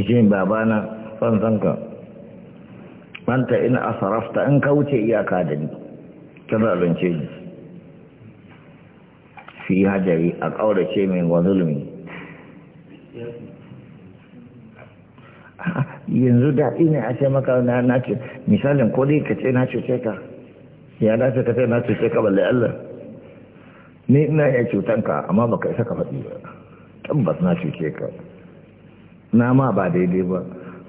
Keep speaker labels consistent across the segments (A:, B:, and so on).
A: shi babana ban san ka manta ina asarafta in ka wuce iyaka da ni kin zalunce ni fi hajari a ƙaurace min wa zulmi yanzu daɗi ne a ce maka na nace misalin ko dai ka ce na cuce ka ya dace ka ce na cuce ka balle Allah ni ina iya cutanka amma baka isa ka faɗi ba tabbas na cuce ka na ma ba daidai ba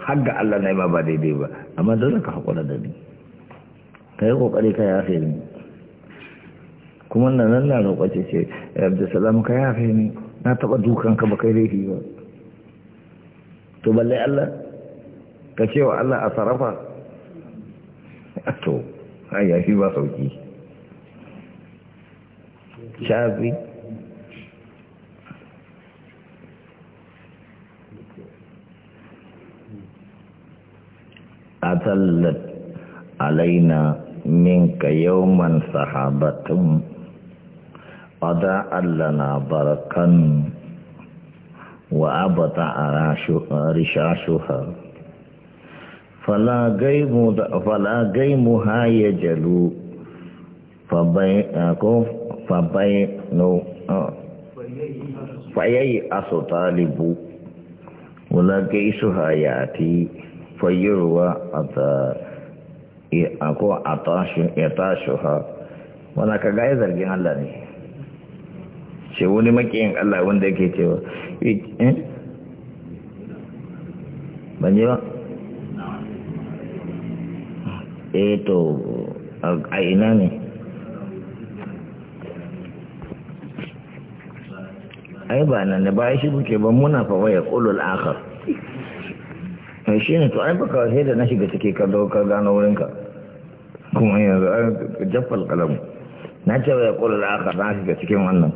A: har ga Allah na ma ba daidai ba amma dole ka haƙura da ni ka yi ƙoƙari ka yafe ni kuma na nan na roƙwace ce eh, abdulsalam ka yafe ni na taɓa dukan ka ba kai laifi ba to balle Allah ka ce wa Allah a sarrafa to ai fi ba sauki shafi tasallat alaina minka yawman sahabatum wada allana barakan wa abata a rishashuha fala gaimu ha ya jalu fayayi su talibu wula gaisu ha ya fayyarwa a ta ko a tashuha wana ka gaya zargin Allah ne ce wani makiyin Allah wanda yake cewa eh? ban yi ba eh to a ina ne ai ba nan ne ba shi buke ba muna fa waya ƙulul akhar ai shi ne to ai baka sai da na shiga ciki ka zo ka gano wurinka kuma yanzu an jaffa alƙalam na ce ya kula da aka na shiga cikin wannan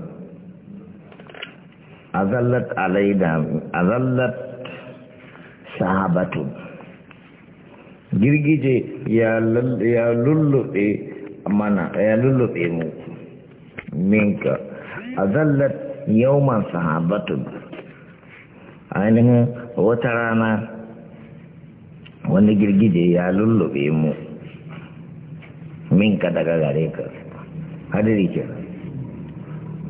A: azallat da azallat sahabatun girgije ya lullube mana ya lullube mu minka azallat man sahabatun ainihin wata rana wani girgije ya lullube mu minka daga gare ka hadiri ke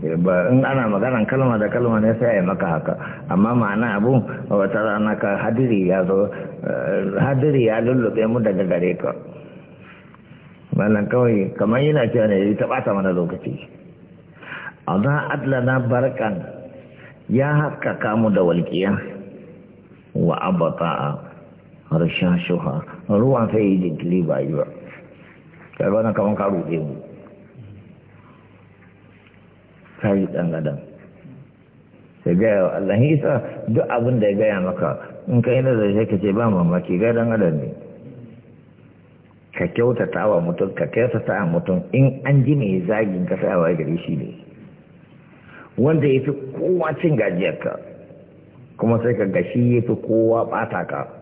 A: in ana maganan kalma da kalma ne sai ya maka haka amma ma'ana abu wata rana ka hadiri ya zo eh, hadiri ya lullube mu daga gare ka wannan kawai kamar yana cewa ne ta bata mana lokaci a za na barkan ya haskaka mu da walƙiya wa abata'a rashashuha ruwan sai yi jinkili ba yi ba karba na kaman karu ɗe mu kayi yi adam sai gaya wa Allah isa duk abin da ya gaya maka in ka yi nazari sai ka ce ba mamaki ga ɗan ne ka kyautata wa mutum ka kyautata wa mutum in an ji mai zagin ka sai wa gari shi ne wanda ya fi kowa cin gajiyarka kuma sai ka gashi ya fi kowa ɓata ka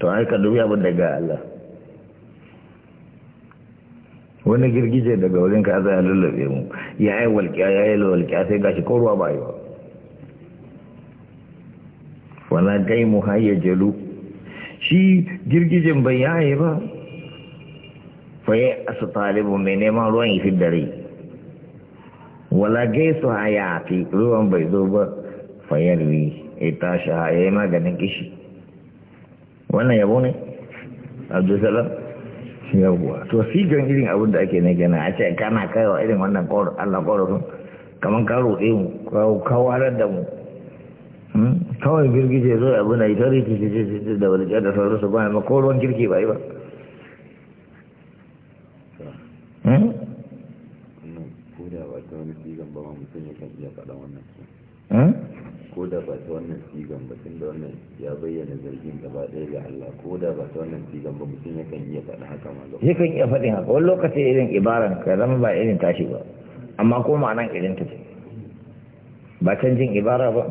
A: to ai ka dubi abin daga Allah wani girgije daga wurin ka a lullube mu ya yi walƙiya ya yi walƙiya sai gashi ko ruwa ba yi ba wana dai mu haye jalu shi girgijen bai yi ba faye asu talibu mai neman ruwan yi dare wala gaisu haya a ruwan bai zo ba fayarwi ita shi haye maganin kishi wannan yabo ne abdulsalam yawwa to sigan irin abin da ake nake na a ce kana kaiwa irin wannan kawar allah kawarfin kamar ka roɗe mu kawarar da mu hmm? kawai girgije zo abin da ita rikici da wani da sauransu ba ma ko ruwan kirki ba yi ba wannan zargin gaba ɗaya ga Allah ko da ba ta wannan sigan ba mutum yakan iya faɗi haka ma ga yakan iya faɗin haka wani lokaci irin ibaran ka zama ba irin tashi ba amma ko ma'anan irin ta ce ba canjin ibara ba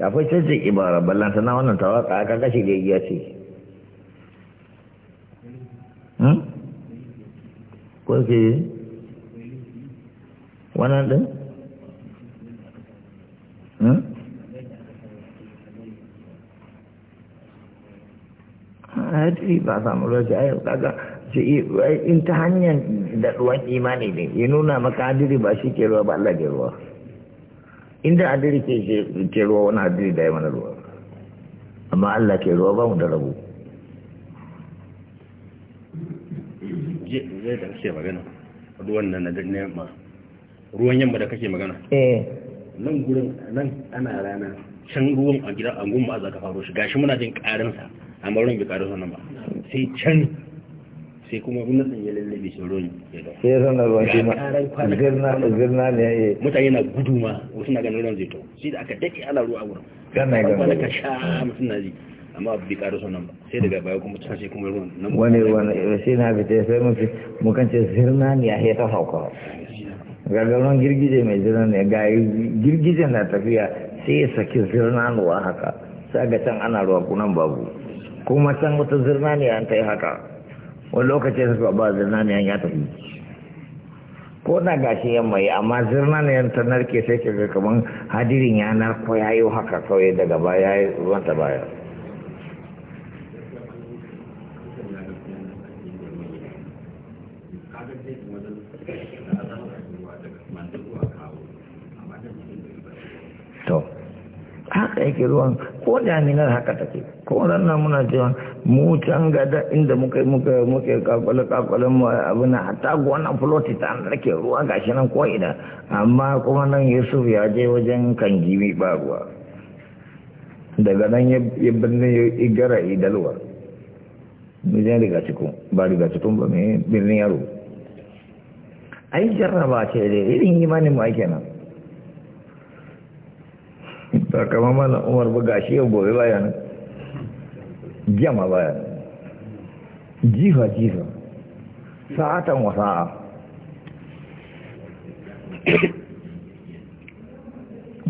A: da akwai canjin ibara ballan sana wannan tawaka aka kashi da ya ce hmm? ko ke wannan din ya ba a samu rashi a yau kaga in ta hanyar da ruwan imani ne ya nuna maka hadiri ba shi ke ruwa ba Allah ke ruwa inda hadiri ke ruwa wani hadiri da ya mana ruwa amma Allah ke ruwa ba mu da rabu zai da kake magana ruwan nan na ma ruwan yamma da kake magana eh. nan gurin nan ana rana can ruwan a gida a gumma za ka faro shi gashi muna jin sa amma ruwan bai ƙara nan ba sai can sai kuma na ya lallabe shi ruwan ya da sai ruwan shi ma girna zirna ne ya yi mutane na gudu ma wasu na ganin ruwan zai to shi da aka dake ana ruwa a wurin kana ga wani ka sha mutum na ji amma bai ƙara nan ba sai daga baya kuma can sai kuma ruwan nan wani wani sai na fita sai mun fi mu kan ce zirna ne ya yi ta sauka gagaron girgije mai zirna ne ga girgijen na tafiya sai ya saki zirna ruwa haka sai ga can ana ruwa kunan babu kuma can wata zirna ne an ta yi haka wani lokaci su ba zirna ne an ya tafi ko na gashi yamma yi amma zirna ne yan ta narke sai ke ga kaman hadirin ya narko ya yi haka kawai daga baya ya yi wata baya to haka yake ruwan ko jami'ar haka take ko ranar muna cewa mu can gada inda muka muka muka kakwale kakwale mu abu na hatta wannan floti ta an rake ruwa gashi nan ko ina amma kuma nan yusuf ya je wajen kan gimi ba ruwa daga nan ya birnin ya igara idalwa wajen riga cikin ba riga cikin ba mai birnin yaro ai jarraba ce da irin imanin mu ake nan ba kama mana umar ba gashi yau gobe bayan jama bayan jifa jifa sa'atan wa sa'a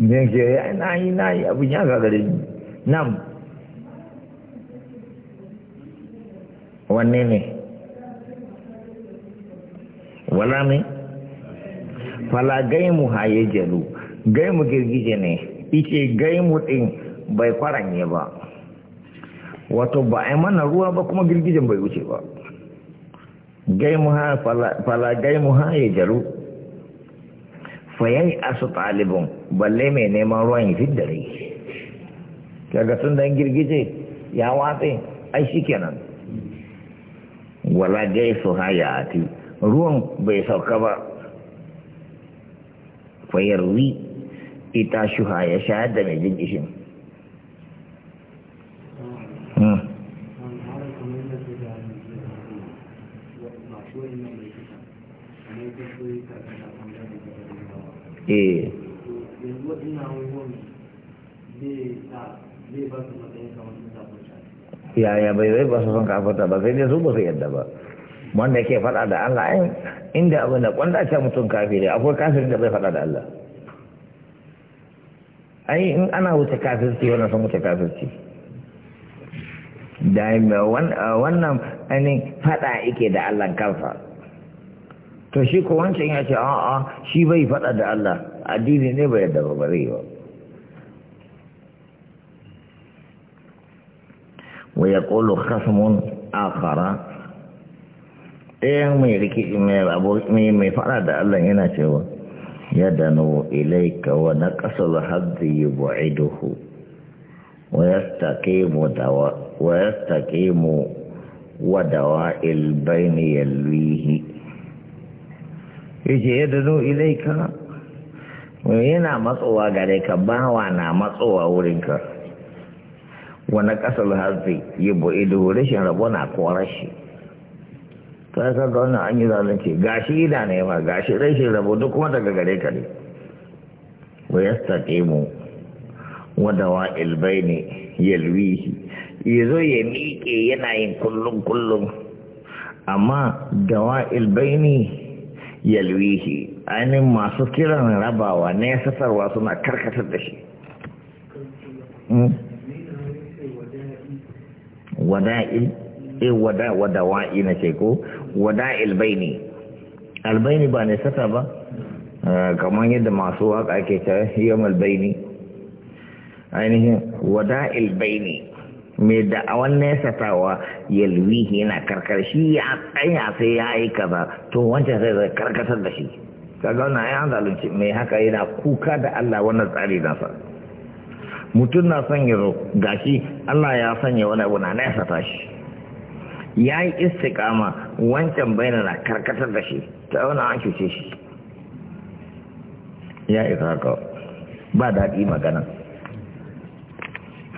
A: ne ke ya na yi na yi abin ya gagare ni nan wanne ne wala ne fala gaimu haye jalu gaimu girgije ne ice gaimu ɗin bai faranye ba wato ba a mana ruwa ba kuma girgijen bai wuce ba gaimu ha fala gaimu ha ya jaru fayayi asu ɗalibin balle mai neman ruwan ya fi dare kaga sun dan girgije ya watsi ai shi kenan wala su ha ya ati ruwan bai sauka ba fayarwi ita shuha ya shayar da mai jinkishin. Hmm. Eh. yaya bai zai ba su son kafarta ba sai dai su ba su yadda ba wanda ke faɗa da Allah inda abin da kwanda ce mutum kafiri akwai kafiri da bai faɗa da Allah ai in ana wuce kafirci wannan sun wuce kafirci da wannan ainihin fada ike da Allah kansa to shi ko wancan ya ce a'a shi bai fada da Allah addini ne bai da babare ba wa yaqulu khasmun akhara ɗayan mai rikici mai fada da Allah yana cewa يدنو إليك ونقص الحظ يبعده ويستقيم دواء ويستقيم ودواء البين يلويه يجي يدنو إليك وينا مصوى عليك باوانا مطوى ورنك ونقص الحظ يبعده ليش ربنا قرشي ta yi kaga wannan an yi zalunci gashi na nema gashi shi rabo duk kuma daga gare ka ne wa yastaqimu wa ilbai ne ya yazo ya Ya zo miƙe yana yin kullum kullum amma da ya baini yalwihi ainihin masu kiran rabawa ne sasarwa suna karkatar da shi hmm? wada'i e wada wada wa'i na ce ko wada albaini albaini ba ne sata ba eh, kamar yadda masu waka ke ta yam albaini ainihin wada albaini mai da'awan nesatawa yalwi yana karkar shi ya tsaya sai ya yi kaza to wancan sai zai karkatar da shi ta gauna ya zalunci mai haka yana kuka da Allah wannan tsari nasa mutum na son zo gashi Allah ya sanya wani abu na nesa tashi ya yi istikama wancan bayanan na karkatar da shi ta wani an cuce shi ya isa haka ba daɗi magana